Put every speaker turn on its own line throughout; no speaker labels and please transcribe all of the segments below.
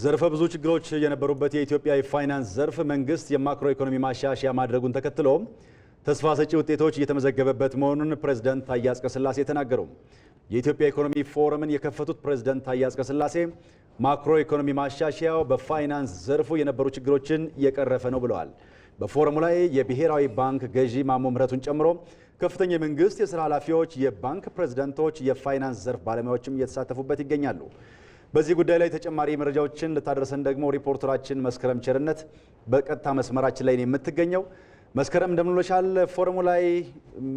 ዘርፈ ብዙ ችግሮች የነበሩበት የኢትዮጵያ የፋይናንስ ዘርፍ መንግስት የማክሮ ኢኮኖሚ ማሻሻያ ማድረጉን ተከትሎ ተስፋ ሰጪ ውጤቶች እየተመዘገበበት መሆኑን ፕሬዝደንት ታዬ አጽቀሥላሴ ተናገሩ። የኢትዮጵያ ኢኮኖሚ ፎረምን የከፈቱት ፕሬዝደንት ታዬ አጽቀሥላሴ ማክሮ ኢኮኖሚ ማሻሻያው በፋይናንስ ዘርፉ የነበሩ ችግሮችን የቀረፈ ነው ብለዋል። በፎረሙ ላይ የብሔራዊ ባንክ ገዢ ማሞ ምህረቱን ጨምሮ ከፍተኛ የመንግስት የስራ ኃላፊዎች፣ የባንክ ፕሬዝደንቶች የፋይናንስ ዘርፍ ባለሙያዎችም እየተሳተፉበት ይገኛሉ። በዚህ ጉዳይ ላይ ተጨማሪ መረጃዎችን ልታደርሰን ደግሞ ሪፖርተራችን መስከረም ቸርነት በቀጥታ መስመራችን ላይ ነው የምትገኘው። መስከረም እንደምንሎሻል። ፎረሙ ላይ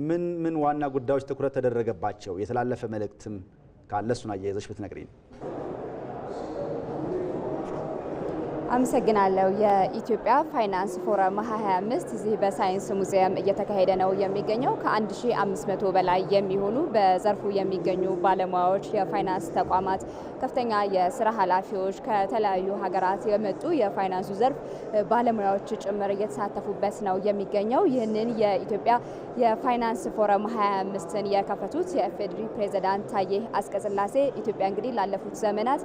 ምን ምን ዋና ጉዳዮች ትኩረት ተደረገባቸው? የተላለፈ መልእክትም ካለ እሱን አያይዘሽ ብትነግሪኝ።
አመሰግናለሁ። የኢትዮጵያ ፋይናንስ ፎረም 25 እዚህ በሳይንስ ሙዚየም እየተካሄደ ነው የሚገኘው። ከ1500 በላይ የሚሆኑ በዘርፉ የሚገኙ ባለሙያዎች፣ የፋይናንስ ተቋማት ከፍተኛ የስራ ኃላፊዎች፣ ከተለያዩ ሀገራት የመጡ የፋይናንሱ ዘርፍ ባለሙያዎች ጭምር እየተሳተፉበት ነው የሚገኘው። ይህንን የኢትዮጵያ የፋይናንስ ፎረም 25ን የከፈቱት የኢፌዴሪ ፕሬዚዳንት ታዬ አጽቀሥላሴ ኢትዮጵያ እንግዲህ ላለፉት ዘመናት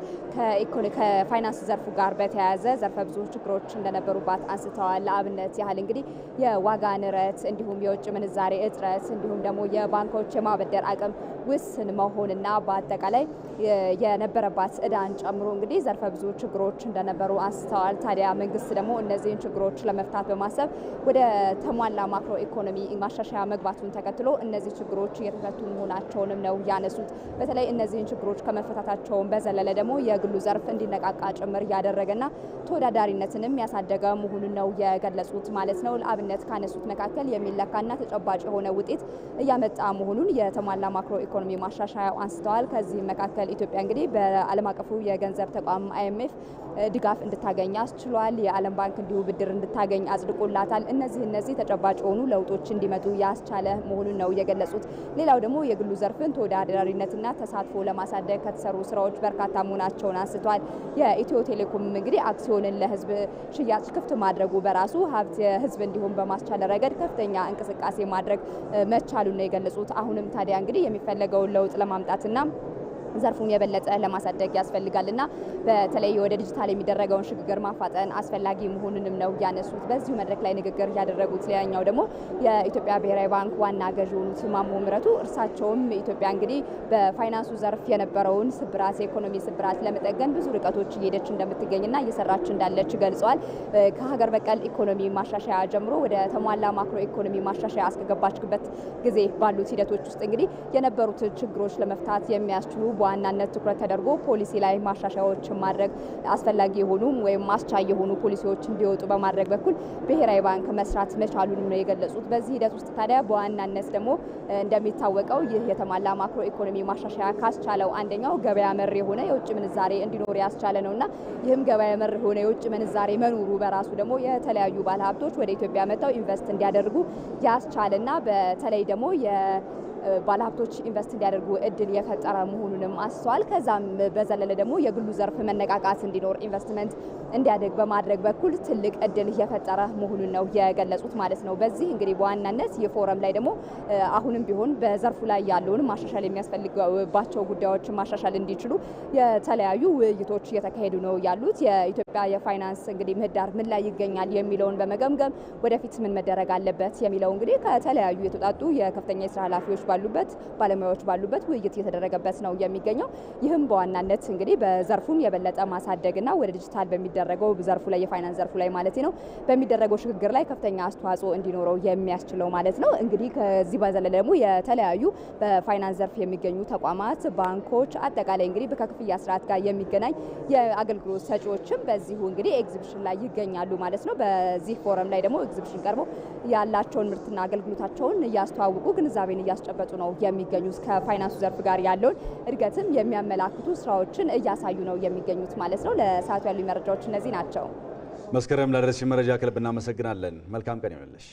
ከፋይናንስ ዘርፉ ጋር በተያያዘ ዘርፈ ብዙ ችግሮች እንደነበሩባት አንስተዋል። ለአብነት ያህል እንግዲህ የዋጋ ንረት እንዲሁም የውጭ ምንዛሬ እጥረት እንዲሁም ደግሞ የባንኮች የማበደር አቅም ውስን መሆንና በአጠቃላይ የነበረባት እዳን ጨምሮ እንግዲህ ዘርፈ ብዙ ችግሮች እንደነበሩ አንስተዋል። ታዲያ መንግስት ደግሞ እነዚህን ችግሮች ለመፍታት በማሰብ ወደ ተሟላ ማክሮ ኢኮኖሚ ማሻሻያ መግባቱን ተከትሎ እነዚህ ችግሮች እየተፈቱ መሆናቸውንም ነው ያነሱት። በተለይ እነዚህን ችግሮች ከመፈታታቸውን በዘለለ ደግሞ የግሉ ዘርፍ እንዲነቃቃ ጭምር እያደረገና ተወዳዳሪነትንም ያሳደገ መሆኑን ነው የገለጹት ማለት ነው። ለአብነት ካነሱት መካከል የሚለካና ተጨባጭ የሆነ ውጤት እያመጣ መሆኑን የተሟላ ማክሮ ኢኮኖሚ ማሻሻያው አንስተዋል። ከዚህ መካከል ኢትዮጵያ እንግዲህ በዓለም አቀፉ የገንዘብ ተቋም አይኤምኤፍ ድጋፍ እንድታገኝ አስችሏል። የዓለም ባንክ እንዲሁ ብድር እንድታገኝ አጽድቆላታል። እነዚህ እነዚህ ተጨባጭ የሆኑ ለውጦች እንዲመጡ ያስቻለ መሆኑን ነው የገለጹት። ሌላው ደግሞ የግሉ ዘርፍን ተወዳዳሪነትና ተሳትፎ ለማሳደግ ከተሰሩ ስራዎች በርካታ መሆናቸውን አንስተዋል። የኢትዮ ቴሌኮም እንግዲህ ሲሆንን ለህዝብ ሽያጭ ክፍት ማድረጉ በራሱ ሀብት የህዝብ እንዲሆን በማስቻል ረገድ ከፍተኛ እንቅስቃሴ ማድረግ መቻሉን ነው የገለጹት። አሁንም ታዲያ እንግዲህ የሚፈለገውን ለውጥ ለማምጣትና ዘርፉን የበለጠ ለማሳደግ ያስፈልጋልና በተለይ ወደ ዲጂታል የሚደረገውን ሽግግር ማፋጠን አስፈላጊ መሆኑንም ነው ያነሱት። በዚሁ መድረክ ላይ ንግግር ያደረጉት ሌላኛው ደግሞ የኢትዮጵያ ብሔራዊ ባንክ ዋና ገዢ የሆኑት ማሞ ምረቱ፣ እርሳቸውም ኢትዮጵያ እንግዲህ በፋይናንሱ ዘርፍ የነበረውን ስብራት፣ የኢኮኖሚ ስብራት ለመጠገን ብዙ ርቀቶች እየሄደች እንደምትገኝና እየሰራች እንዳለች ገልጸዋል። ከሀገር በቀል ኢኮኖሚ ማሻሻያ ጀምሮ ወደ ተሟላ ማክሮ ኢኮኖሚ ማሻሻያ አስከገባችበት ጊዜ ባሉት ሂደቶች ውስጥ እንግዲህ የነበሩት ችግሮች ለመፍታት የሚያስችሉ በዋናነት ትኩረት ተደርጎ ፖሊሲ ላይ ማሻሻያዎች ማድረግ አስፈላጊ የሆኑ ወይም ማስቻ የሆኑ ፖሊሲዎች እንዲወጡ በማድረግ በኩል ብሔራዊ ባንክ መስራት መቻሉንም ነው የገለጹት። በዚህ ሂደት ውስጥ ታዲያ በዋናነት ደግሞ እንደሚታወቀው ይህ የተሟላ ማክሮ ኢኮኖሚ ማሻሻያ ካስቻለው አንደኛው ገበያ መር የሆነ የውጭ ምንዛሬ እንዲኖር ያስቻለ ነውና ይህም ገበያ መር የሆነ የውጭ ምንዛሬ መኖሩ በራሱ ደግሞ የተለያዩ ባለሀብቶች ወደ ኢትዮጵያ መጥተው ኢንቨስት እንዲያደርጉ ያስቻለና በተለይ ደግሞ ባለሀብቶች ኢንቨስት እንዲያደርጉ እድል የፈጠረ መሆኑንም አስተዋል። ከዛም በዘለለ ደግሞ የግሉ ዘርፍ መነቃቃት እንዲኖር ኢንቨስትመንት እንዲያደግ በማድረግ በኩል ትልቅ እድል የፈጠረ መሆኑን ነው የገለጹት ማለት ነው። በዚህ እንግዲህ በዋናነት የፎረም ላይ ደግሞ አሁንም ቢሆን በዘርፉ ላይ ያለውን ማሻሻል የሚያስፈልግባቸው ጉዳዮች ማሻሻል እንዲችሉ የተለያዩ ውይይቶች እየተካሄዱ ነው ያሉት። የኢትዮጵያ የፋይናንስ እንግዲህ ምህዳር ምን ላይ ይገኛል የሚለውን በመገምገም ወደፊት ምን መደረግ አለበት የሚለው እንግዲህ ከተለያዩ የተውጣጡ የከፍተኛ የስራ ኃላፊዎች ባሉበት ባለሙያዎች ባሉበት ውይይት እየተደረገበት ነው የሚገኘው። ይህም በዋናነት እንግዲህ በዘርፉን የበለጠ ማሳደግና ወደ ዲጂታል በሚደረገው ዘርፉ ላይ የፋይናንስ ዘርፉ ላይ ማለት ነው በሚደረገው ሽግግር ላይ ከፍተኛ አስተዋጽኦ እንዲኖረው የሚያስችለው ማለት ነው። እንግዲህ ከዚህ ባዘለለ ደግሞ የተለያዩ በፋይናንስ ዘርፍ የሚገኙ ተቋማት፣ ባንኮች አጠቃላይ እንግዲህ ከክፍያ ስርዓት ጋር የሚገናኝ የአገልግሎት ሰጪዎችም በዚሁ እንግዲህ ኤግዚቢሽን ላይ ይገኛሉ ማለት ነው። በዚህ ፎረም ላይ ደግሞ ኤግዚቢሽን ቀርቦ ያላቸውን ምርትና አገልግሎታቸውን እያስተዋውቁ ግንዛቤን እያስጨበ እያስጨበጡ ነው የሚገኙት። ከፋይናንሱ ዘርፍ ጋር ያለውን እድገትም የሚያመላክቱ ስራዎችን እያሳዩ ነው የሚገኙት ማለት ነው። ለሰዓቱ ያሉ መረጃዎች እነዚህ ናቸው።
መስከረም ላደረስሽ መረጃ ክለብ እናመሰግናለን። መልካም ቀን ይሆንልሽ።